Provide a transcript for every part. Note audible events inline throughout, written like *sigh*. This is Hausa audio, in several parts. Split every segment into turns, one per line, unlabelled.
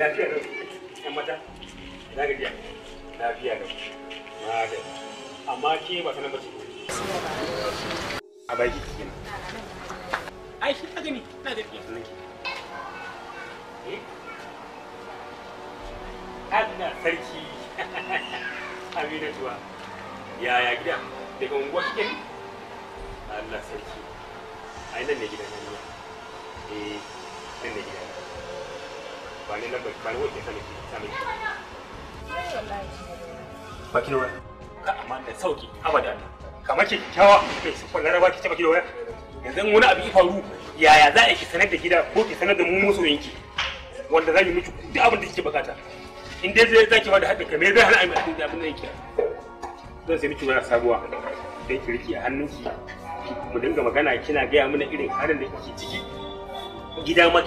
lafiya da yan mata
na gajiya lafiya da amma ke ba sanar a baki ai shi ta gani na
da sanan ki eh?
sarki *laughs* Amina tuwa ya gida daga unguwa kike ne Allah sarki ai nan ne gidan eh, nan ba ne lambar ba ne wacce ta
miki
ka amma da sauki abada kamar ki kyawa kai su kun laraba ki ce baki da yanzu wani abu ya faru yaya za a ki sanar da gida ko ki sanar da mu masoyinki wanda za mu miki duk abin da kike bukata in dai zai zaki bada haɗin kai me zai hana a yi da abin da yake zan sai miki wani sabuwa sai ki
riki a hannunki mu dinga magana kina gaya mana irin halin da kike ciki gida ma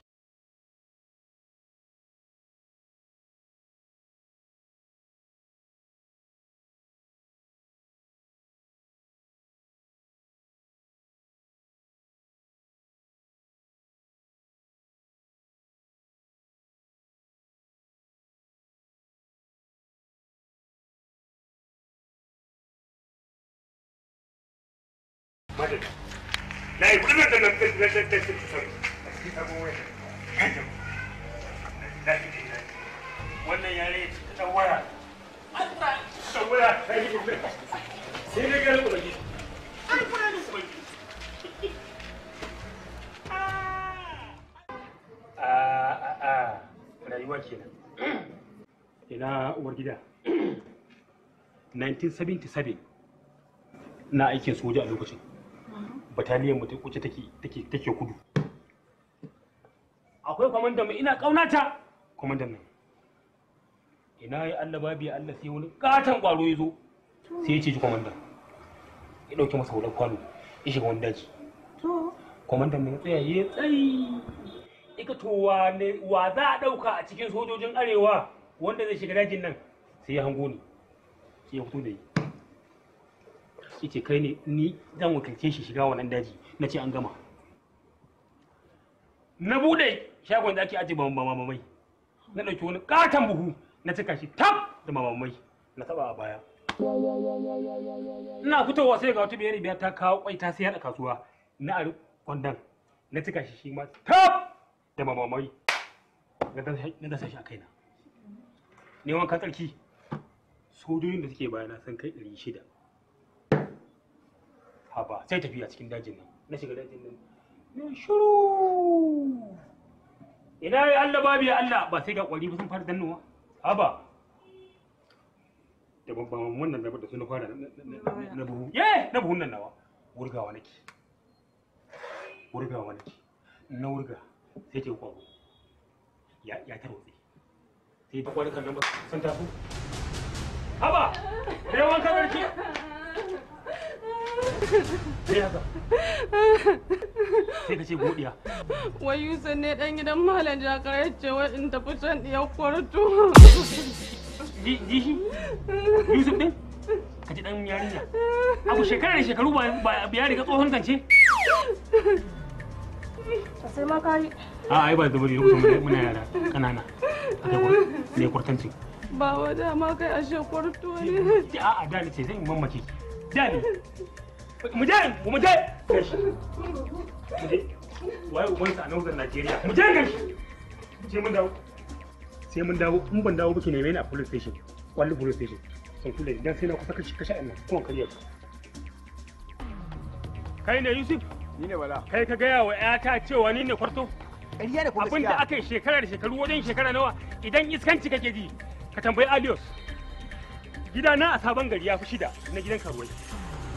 madada na yi kudin da lantarki na lantarki su sauri a cikin
sabon wannan yare ya waya waya ta yi kudin sai ne ah, ah, ah. ina uwar gida 1977 *clears throat* na aikin soja a lokacin bataliyar mu kuce take take take kudu akwai kwamandan mu ina ta kwamandan nan ina ya Allah babi Allah sai wani katan kwaro ya zo sai ya ce ji kwamandan ya dauke masa hular kwano ya shiga wani daji kwamandan nan tsaya ya tsayi ika to wa za a dauka a cikin sojojin arewa wanda zai shiga dajin nan sai ya hango ni sai ya fito da yi ce kai ne ni zan wakilce shi shiga wannan daji na ce an gama na bude shagon da ake ajiye mamamai na ɗauki wani katon buhu na cika shi tab da mamamai na taba a baya ina fitowa sai ga wata biyar biyar ta kawo kwai ta sayar a kasuwa na ari kwandon na cika shi shi ma tab da mamamai na dasa shi a kaina neman ka tsarki sojojin da suke bayana sun kai shida. haba sai tafi a cikin dajin nan na shiga dajin nan ne shiru ina ya Allah babu ya Allah ba sai ga kwari ba sun fara dannuwa haba da babban wannan da da sun fara na buhu ye na buhun nan nawa wurgawa nake wurgawa nake na wurga sai ke kwabo ya ya tarotse sai ba kan nan ba sun tafi haba
da yawan kagarki
sai haka sai ka ce godiya
wai yusan ne dan gidan malam jakar ce wai in tafi can diyar kwarto yusuf
din ka ji dan yarinya
abu shekara da shekaru
ba ya riga tsohon kance sai ma kayi a ai ba zama lokacin muna yara kanana ne kwartanci ba wa dama
kai ashe kwarto ne
a a da ne ce zan yi mamaki da ne mu je mu je waye sa a nauzan Najeriya mu je gashi je mun dawo sai mun dawo in ban dawo ba ki neme ni a police station kwallo police station sun kula idan sai na kusa kashi kashi annan kuma kariyar kai ne Yusuf ni ne bala kai ka gaya wa ƴata cewa ni ne kwarto ƙarya da kuma abin da aka yi shekara da shekaru wajen shekara nawa idan iskanci kake ji ka tambayi Alios gidana a sabon gari ya fi shida na gidan karuwai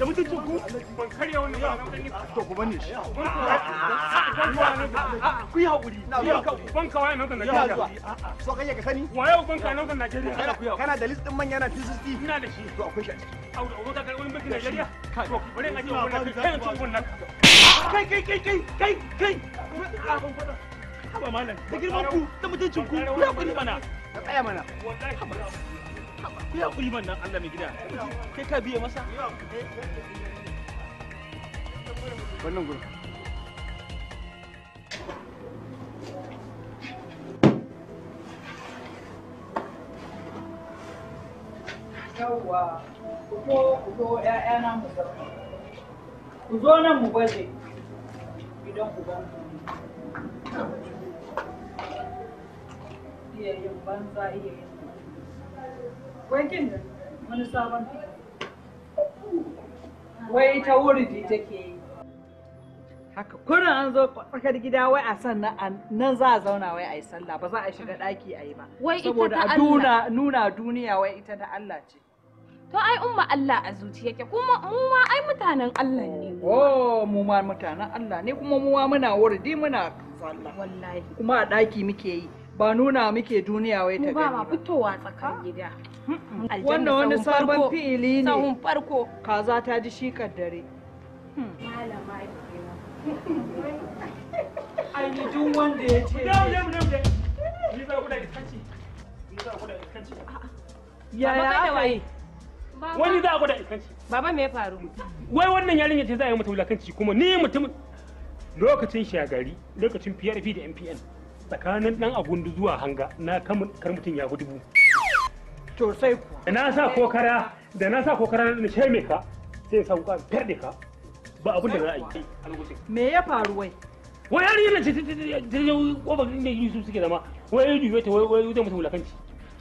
da mutuncin ku ban karya wannan ba ah, ah. kai ka kai kai kai kai kai da girman ku da mutuncin ku ku tsaya mana
wallahi
ku ya kuli man nan Allah mai gida kai ka biye masa wannan gurin
yawwa ku zo ku zo ƴaƴana mu zama ku zo nan mu baje gidan ku ban iyayen banza Wai wani sabon Wai ta wuridi take yi. Haka kurin an zo tsakar gida wai a san nan za a zauna wai a yi sallah ba za a shiga ɗaki a yi ba. saboda a ta Allah. nuna duniya wai ita ta Allah ce. To ai umma Allah a zuci yake kuma mu ma ai mutanen Allah ne. Oh mu ma mutanen Allah ne kuma mu ma muna wurdi muna sallah. Wallahi. Kuma a ɗaki muke yi. ba nuna muke duniya wai ta gani ba ma
fitowa tsakan gida hmm. wannan wani sabon fi'ili ne sahun
farko kaza ta ji shi kaddare hmm. malama ainihin wanda ya ce ni
za ku da iskanci ni za ku da iskanci
yaya aka
yi wani za ku da
iskanci baba me ya faru
wai wannan yarinya ce za a yi mata wulakanci kuma ni mutum lokacin shagari lokacin PRP da MPN tsakanin dan abundu zuwa hanga na kar mutum ya dubu to sai ku na sa kokara da na sa kokara na sheme ka sai sa kuka ferde ka ba abun da za a yi me ya faru wai wai har yana ce ta yau kofar inda yusuf suke zama wai ya juye ta wai zai mutum wulakanci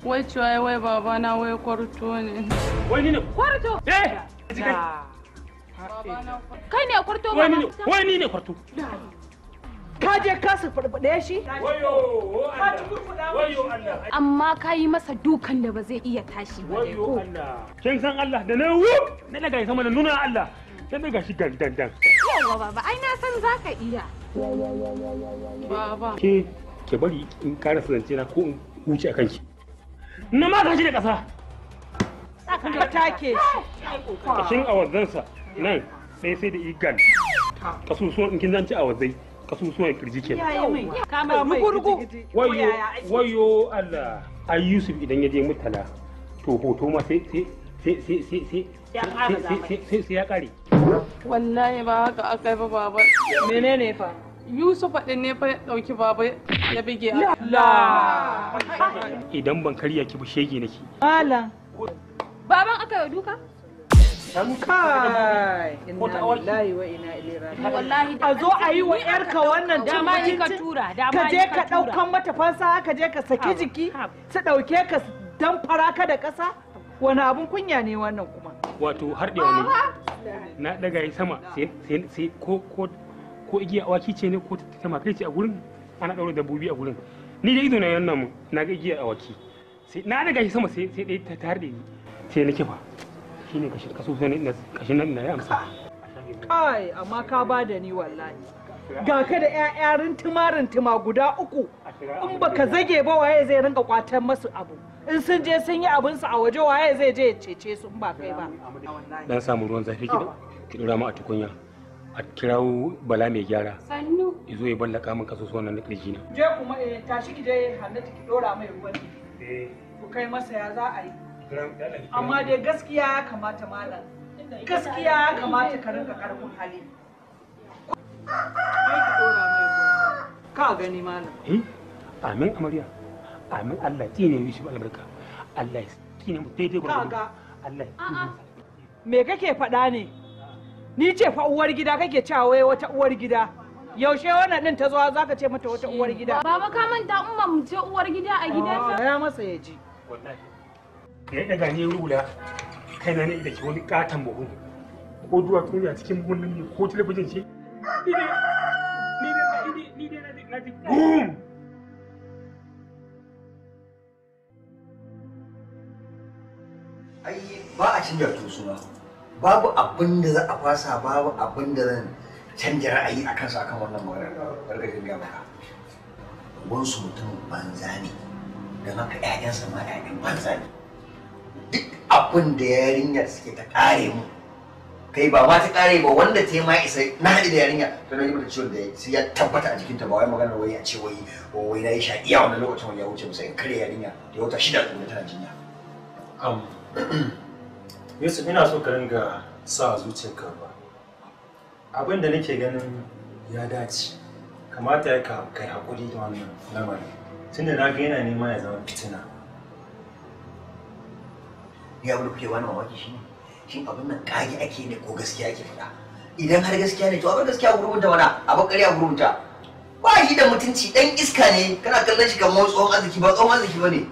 wai ciwaye wai na wai kwarto ne wai ni ne kwarto eh
kai ne kwarto ba wai ni ne kwarto ka je ka
farfaɗe shi amma ka yi masa dukan da ba zai iya tashi ba ko
kin san Allah da ne wu na daga sama da nuna Allah sai daga shi dan dan dan
yawa baba ai na san zaka iya baba ke
ke bari in ƙara sanance na ko in huce a kanki na ma ka shi da ƙasa
ka take shi kashin
awazansa nan sai sai da kasu so in kin zance awazai kasusuwan kirji ke
kama gurgu
wayo wayo
Allah ai Yusuf idan ya je mutala to hoto ma sai sai sai sai sai sai sai ya kare
wallahi ba haka
aka akai ba baba menene fa Yusuf din ne fa ya dauki baba ya bige Allah
idan ban karya ki ba shege nake
malam baban aka yi duka kai inna lillahi wa inna
ilaihi raji'un a zo a yi wa yarka wannan dama ka tura ka je ka daukan
mata fansa ka je ka saki jiki su dauke ka dan faraka da kasa wani abun kunya ne wannan kuma
wato har da
wani
na daga yi sama sai ko ko ko igiya awaki ce ne ko ta makare ce a gurin ana daura dabbobi a gurin ni da ido na yanna mu na ga igiya awaki sai na daga yi sama sai sai dai ta tare da ni sai na kifa shine kashi kaso sai na kashi nan na amsa
kai amma ka ba da ni wallahi ga ka da ƴaƴa rintuma rintuma guda uku in ba ka zage ba waye zai rinka kwatar masu abu in sun je sun yi abin su a waje waye zai je ya cece su in ba kai ba dan samu
ruwan zafi ki oh. ki dora mu a tukunya a kirawo bala mai gyara sannu yazo ya ballaka min kaso sonan na kirji na
je kuma eh tashi ki je hannatu ki dora mai ruwan eh ku kai masa ya za a yi amma dai gaskiya ya kamata malam gaskiya ya kamata ka rinka karfin hali ka gani malam eh?
amin amarya amin Allah yi mishi albarka Allah ya tsine mu daidai ka Allah ya
me kake faɗa ne ni ce fa uwar gida kake cewa wai wata uwar gida yaushe wannan din ta zo za ka ce mata wata uwar gida baba ka
manta umma mu ce uwar gida a ah, gida ta ya
masa ya ji
wallahi da ya ɗaga ne rula kai na ne da ke wani ƙaton buhu ko duwatsu ne a cikin buhun nan ko talabijin ce ni dai na ji boom
ai ba a canja to ba, babu abin da za a fasa babu abin da zan canja ra'ayi a kansa akan wannan magana barkatun gaba gonsu mutum banza ne da maka 'ya'yansa ma 'ya'yan banza ne abin da yarinyar suke ta kare mu kai ba ma ta kare ba wanda ta ma isa na haɗi da yarinya to na mata ciwon da sai ya tabbata a jikinta ba wai maganar wai a ce wai wai na yi sha iya lokacin wani ya wuce musa in kare yarinya da wata shida da tana jinya
Yusuf ina so ka ringa sa zuciyarka ba abin da nake ganin
ya dace
kamata ya kai hakuri da wannan lamarin tunda na ga yana nema ya zama fitina ni abu
da kuke wani mamaki shi ne shi abin nan kage ake ne ko gaskiya ake faɗa idan har gaskiya ne to abin gaskiya gurbunta wani abin ƙarya gurbunta ba shi da mutunci dan iska ne kana kallon shi kamar tsohon arziki ba tsohon arziki ba ne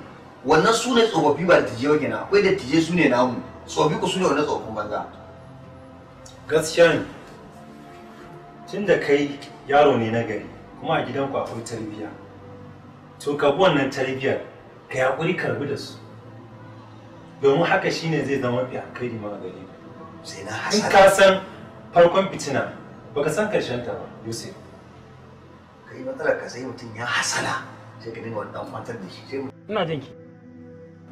wannan su ne tsofaffi ba da tije kenan akwai da tije su ne
namu tsofaffi ku su ne wannan tsofaffin banza gaskiya ne tun da kai yaro ne na gari kuma a ku akwai tarbiyya to ka bi wannan tarbiyyar ka yaƙuri karbi da su domin haka shine zai zama mafi alkhairi ma gari sai na hasara ka san farkon fitina baka san karshen ta ba yusuf kai matsalar ka sai mutum ya hasala sai ka dinga wannan fatar da shi sai ina jin ki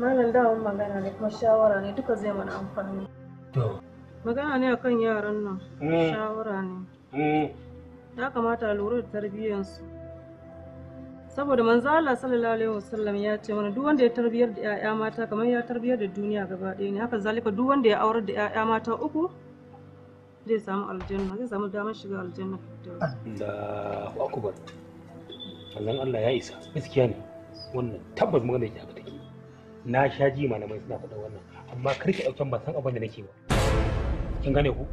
malam da wani magana ne kuma shawara ne duka zai mana amfani to magana ne akan yaran nan
mm. shawara
ne mm. ya kamata a lura da tarbiyyarsu saboda manzo Allah sallallahu alaihi wasallam ya ce mana duk wanda ya tarbiyar da ƴaƴa mata kamar ya tarbiyar da duniya gaba ɗaya ne haka zalika duk wanda ya aurar da ƴaƴa mata uku zai samu aljanna zai samu damar shiga aljanna
Allahu akbar Allah Allah ya isa gaskiya ne wannan tabbas magana yake haka take na sha ji malamai suna faɗa wannan amma kar ki ɗauki ba san abin da nake ba kin gane ku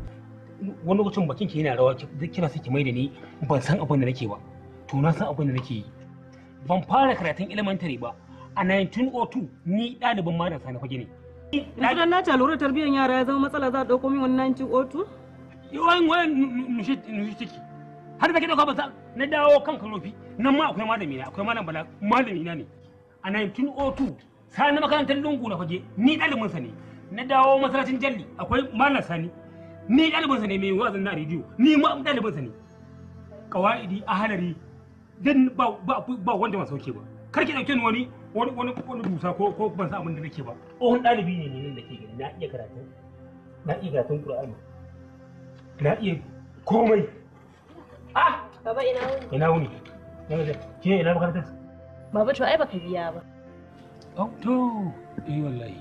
wani lokacin bakin ki yana rawa kina saki mai da ni ban san abin da nake ba to na san abin da nake yi ban fara karatun elementary ba a 1902 ni ɗaliban madrasa na fage ne yanzu na ta lura tarbiyyar yara ya zama matsala za a ɗauko min wani 1902 yawan wayan nushi ciki har da ke ɗauka ba na dawo kan kalofi nan ma akwai malami na akwai malam bala malami na ne a 1902 sa na makarantar lungu na fage ni ɗalibin sa ne na dawo masallacin jalli akwai malam sani ni ɗalibin sa ne mai wazin na rediyo ni ma ɗalibin sa ne a ahalari dan ba ba ba wanda ba sauke ba kar ki dauke ni wani wani wani wani dusa ko ko ban san abin da nake ba tsohon dalibi ne ne da ke gani na iya karatu na iya karatun qur'ani na iya komai
ah baba ina wuni
ina wuni ke ina makarantar
baba to ai baka biya ba
oh to eh wallahi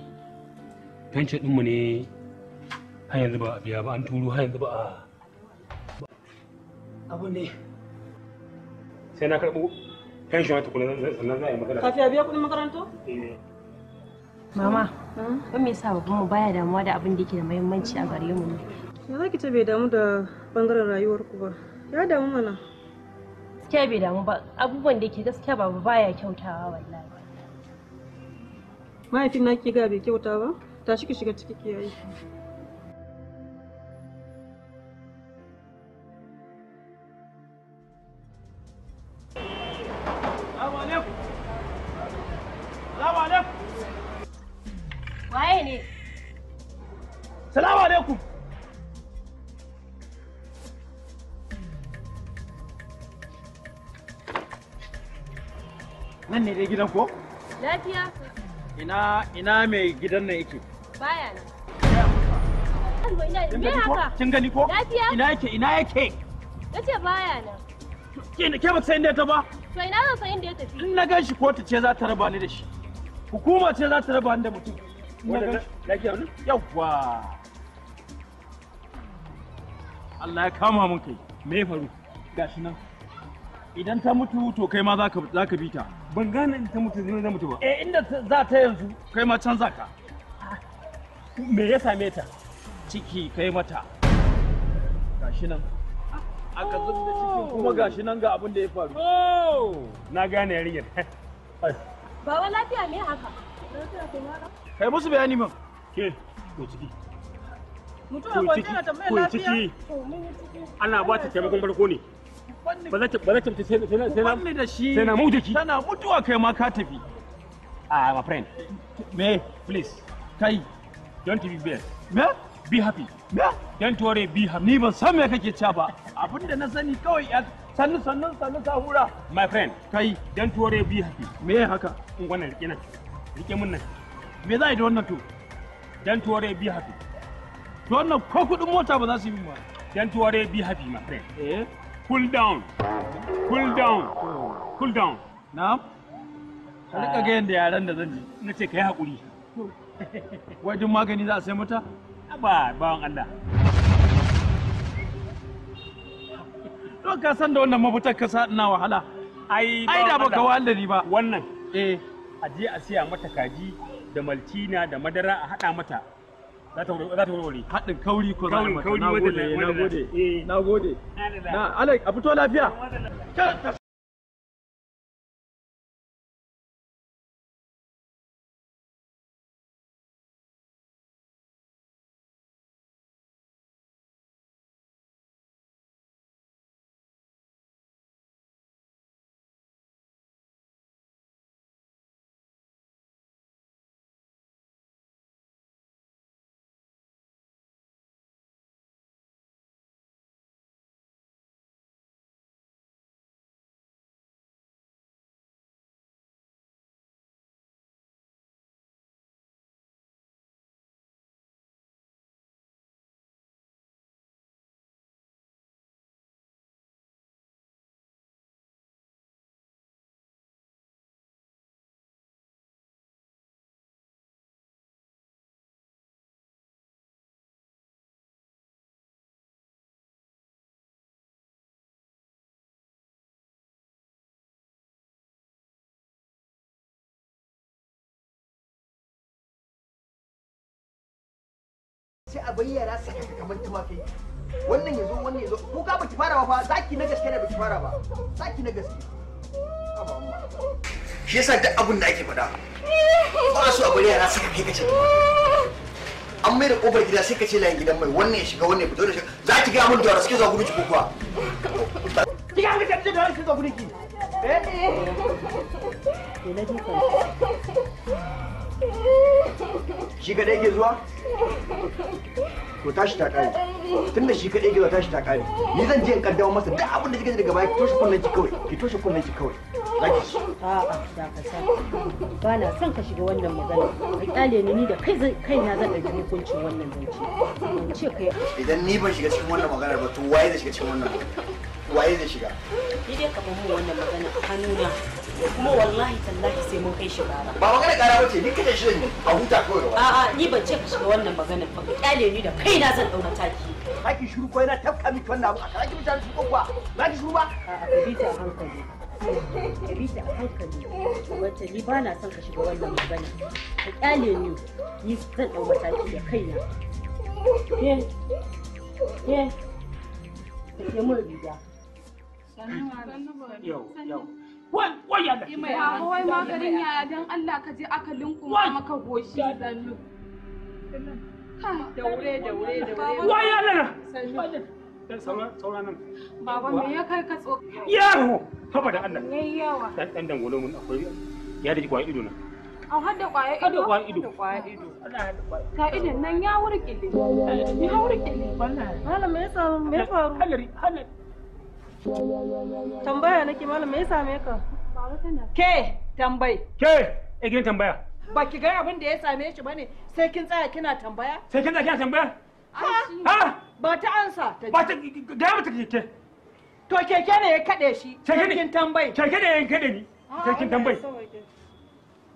pension din mu ne har yanzu ba a biya ba an turo har yanzu ba a abu ne sai na karɓo pension ta kula sannan za a yi magana fiya
biya kuɗin makaranta eh. mama ba me yasa babban mu baya damuwa da abin da yake da muhimmanci a gare mu ne ya zaki ta bai damu da bangaren rayuwar ku ba ya damu mana gaskiya bai damu ba abubuwan da yake gaskiya ba baya kyautawa wallahi mahaifin na ke ga bai kyauta ba tashi ki shiga ciki ki yayi gidan ko? Lafiya.
Ina ina mai gidan nan yake?
Baya nan. Me haka?
Kin gani ko? Lafiya. Ina yake ina yake?
Yace baya nan.
Ke ke ba sai inda ta ba?
To ina zan san inda ya tafi. In na gan
shi ta ce za ta raba ni da shi. Hukuma ce za ta raba ni da mutum. lafiya ne? Yawwa. Allah ya kama mun kai. Me faru? Gashi nan. idan ta mutu to kai ma za ka bi ta ban gane in ta mutu ne zan mutu ba eh inda za ta yanzu kai ma can za ka me ya same ta ciki kai mata gashi nan aka da cikin oh! kuma gashi nan ga abin da ya faru oh! na gane yarinyar
baba lafiya me haka
kai musu bayani man ke ko ciki
mutum a kwanci na tambayar lafiya ana ba ta taimakon farko ne ba
za ta ba za ta sai na da shi sai na mu jiki tana mutuwa kai ma ka tafi ah my friend me please kai don't be bad me be happy me don't worry be happy ni ban san me kake cewa ba abinda na sani kawai ya sannu sannu sannu ka hura my friend kai don't worry be happy me haka in wannan rike nan rike mun nan me za a yi da wannan to don't worry be happy to wannan ko kudin mota ba za su yi ba don't worry be happy my friend eh cool down cool down cool down na'am ka rika ga yanda yaran da zan ji na ce kai hakuri wai duk magani za a sai mata ba bawan Allah don ka san da wannan mafutar ka sa ina wahala ai da baka wahala ni ba wannan eh a je a siya mata kaji da maltina da madara a hada mata za ta warware haɗin kauri ko za a yi mata eh. na gode
na gode na alek a fito lafiya sai a bayyana su kanka kamar tumakai wannan yazo wannan yazo ko ka baki fara ba zaki na gaske da baki fara ba zaki na gaske shi yasa duk abin da ake faɗa ba su a bari yara suka kace an mai da kofar gida sai ka ce layin gidan mai wannan ya shiga wannan ya fito da shi za ki ga mun da suke zuwa gudu ki ko kuwa ki ga ka ce da suke zuwa gudu ki eh eh shi kaɗai ke zuwa to tashi ta kare tun da shi kadai ke zuwa tashi ta ƙare ni zan je in kaddama masa duk abin da kike daga baya ki toshe kunnen ki kawai ki toshe kunnen ki kawai zaki shi
a'a da ka sa ba na son ka shiga wannan magana ka kyale ni ni da kai kai na zan dauki hukuncin wannan zance ce kai
idan ni ban shiga cikin wannan maganar ba to waye zai shiga cikin
wannan waye zai shiga ni dai kamar mun wannan magana a hannuna kuma wallahi
tallahi sai mun kai shi gara ba magana gara bace ni kace shi ne a huta kawai a a ni ban ce ka shiga wannan magana ba ka kyale ni da kaina zan dauka taki haki shuru ko yana tafka miki wannan abu a kara ki mutane su kokwa ba ki shuru ba a a bi ta hankali kabita a
hankali wata ni ba na son ka shiga wannan magana ka kyale ni ni zan dauka taki da kaina ke ke ka ke mun
riga Wai wai ya ya Ba wai maganin
yaya don Allah ka je aka linkuma maka goshi.
Daure daure daure. Wai ya lafi. Sannu. sama Baba me ya kai ka Haba da Allah. Yayi yawa.
Dan dan mun akwai ya da kwaya ido na.
kwaya ido. kwaya ido. Kwaya ido. Ka idon nan ya wurkile. Eh, eh. Ya wurkile. Wallahi. me ya Me ya faru? Halari halari. Tambaya
nake malam me ya same ka? Ke tambayi.
Ke e eh, kin tambaya.
Ba ki ga abin da ya same shi bane sai kin tsaya kina tambaya?
Sai kin tsaya kina tambaya?
Ha? Ba ta ansa ta. Ba ta ga mu ta keke. To keke ne ya kade shi.
kin tambayi. Keke ne ya kade ni. Ah, kin tambayi.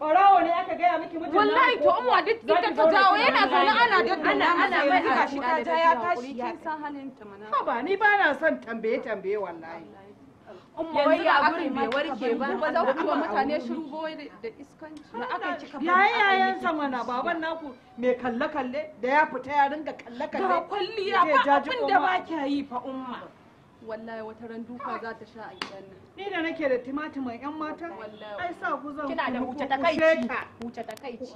Barawo ne aka gaya miki mutum Wallahi to umma duk ita ta jawo yana zaune ana daddana ana mai zuga shi ta ya tashi ya san halin ta mana. Haba ni ba na son tambaye tambaye wallahi. Umma wai ya abin bai warke ba ba za ku ba mutane shiru ba da iskanci. Na aka cika ba. Yayi yayan sa mana baban naku mai kalle kalle da ya fita ya ringa kalle kalle. Ga kulliya abin da ba yi fa umma. wallahi wata ran duka za ta sha a gidan nan ni da nake da timatimin yan mata ai sa ku zan kina da huce huce ka da ita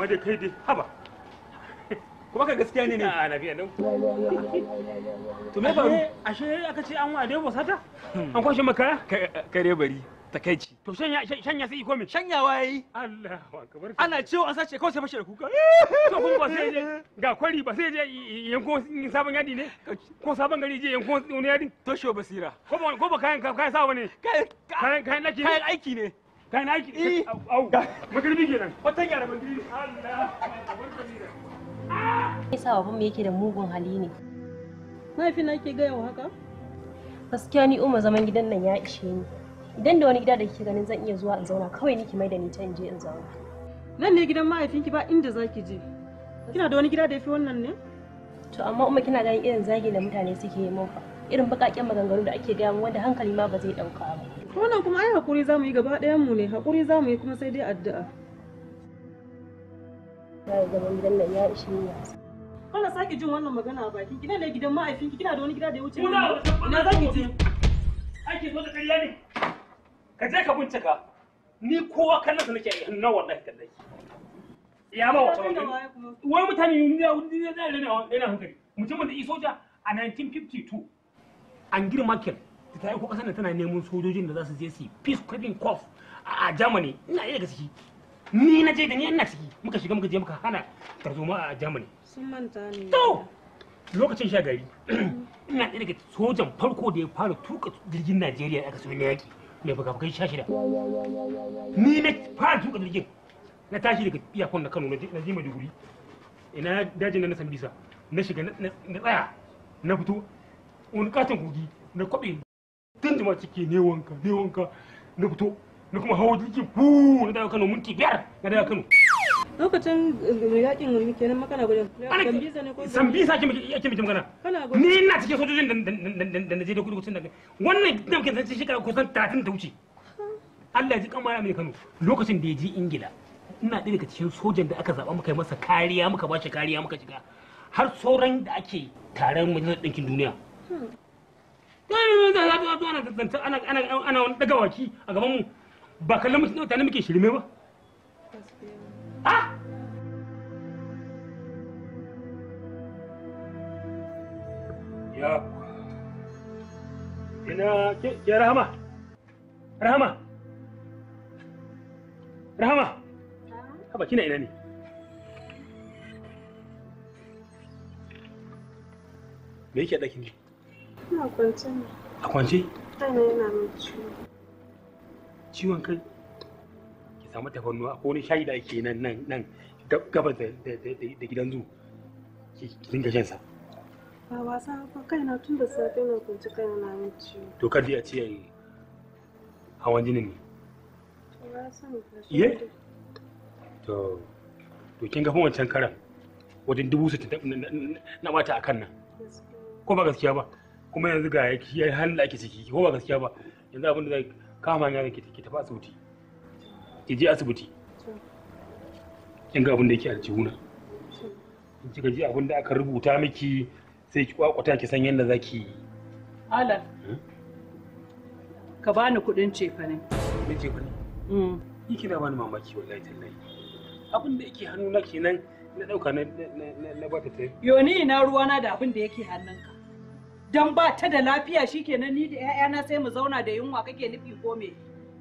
amma dai kai dai haba kuma ka gaskiya ne ne a lafiya nan to me faru ashe aka ce an wa dai bosata hmm. an kwashe maka kare bari takaici to shanya shanya sai iko me shanyawa yayi Allahu akbar ana cewa an sace kawai sai fashe da kuka to kun ba sai je ga kwari ba sai je yanko sabon yadi ne ko sabon gari je yanko wani yadi to sho basira ko ba kayan kayan sawa ne kayan kayan aiki ne kai na ki eh. au magirbi kenan wata gyara magirbi Allah
ya sa baban mu yake da mugun hali ne mahaifina ke gaya wa haka gaskiya ni umma zaman gidan nan ya ishe ni idan da wani gida da kike ganin zan iya zuwa in zauna kawai ni ki mai da ni ta in je in zauna nan ne gidan mahaifinki ba inda zaki je kina da wani gida da yafi wannan ne to amma umma kina ganin irin zagi da mutane suke yi mun fa irin bakaken maganganu da ake gaya wanda hankali ma ba zai dauka wannan kuma ai hakuri za mu yi gaba ɗayan mu ne hakuri za mu yi kuma sai dai addu'a kana sake jin wannan magana a bakin kina ne gidan ma'aifinki kina da wani gida da ya wuce
na za ki je ake zo da ƙarya ne ka je ka bincika ni kowa kallon sa nake na wallahi kallai ya ma wata mutum wai mutane ne ne hankali mutumin da isoja a 1952 an girma kenan ta aiko kasar da tana neman sojojin da za su je su peace creeping corps a germany ina iya ciki ni na je da ni ina ciki muka shiga muka je muka hana tarzoma a germany
sun manta ne
to lokacin sha gari *clears throat* ina ɗaya daga sojan farko da ya fara tuka jirgin najeriya aka soyi na yaƙi mai fagafagai sha shida ni na fara tuka jirgin na tashi daga iyakon na kano na jima duguri ina dajin na bisa na shiga na tsaya na fito wani katon kogi na kwaɓe tunduma ciki ne wanka ne wanka na fito na kuma hawa jirgin fu na dawo kano minti biyar na dawo kano
lokacin eh, yakin kenan makana gudun sambisa ne ko sambisa ke yake miki magana ni ina cikin
sojojin da na je da kudu da wannan da muke zance shekara kusan 30 ta wuce Allah ya ji kan mara mai Kano lokacin da ya je Ingila ina ɗaya daga cikin sojan da aka zaɓa muka yi masa kariya muka ba shi kariya muka shiga har sauran da ake taron majalisar ɗinkin duniya hmm. na ana wani daga waki a gaban mu ba kallon mutum tare muke shirme ba ya ina ke rahama rahama rahama haba kina ina ne me yake ɗakin ne A kwance?
yana
Ciwon kai? Ki samu tafarnuwa ko wani shayi da ake nan nan nan gabas da gidan zu. Ki dinga shan sa.
Ba wasa ba na tun da safe na kwance kai na min ciwo.
To kar dai a ce hawan jini ne. Iye? To, to kin ga wancan karan wajen dubu sittin na mata a kan nan. Ko ba gaskiya ba? kuma yanzu ga ya halin da ake ciki ko ba gaskiya ba yanzu abin da zai kama ya ki ke tafi asibiti ke je asibiti kin ga abin da yake aljihuna in ci gaji abin da aka rubuta miki sai ki kwakwata ki san yadda za ki yi alan hmm?
ka bani kudin cefane. ne cefane? cefa mm.
ni kina bani mamaki wallahi tallahi abin da yake ke kenan na dauka na na ba ta
yoni ina ruwana da abin da yake hannunka dan ba ta da lafiya shikenan ni da ƴaƴana sai mu zauna da yunwa kake nufi ko me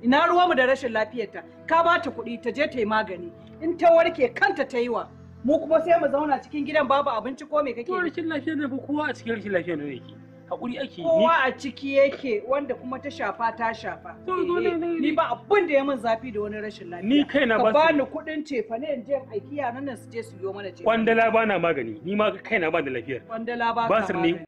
ina ruwa mu da rashin lafiyarta ka ba ta kuɗi ta je ta yi magani in ta warke kanta ta yi wa mu kuma sai mu zauna cikin gidan babu abinci ko me kake rashin lafiya ne kowa a cikin rashin lafiya ne yake hakuri ake kowa a ciki yake wanda kuma ta shafa ta shafa ni ba abin da ya min zafi da wani rashin lafiya ni kaina ba ba ni kuɗin cefa ne in je aiki yaran nan su je su yi mana cefa kwandala
ba na magani ni ma kaina ba da lafiyar
kwandala ba basir ne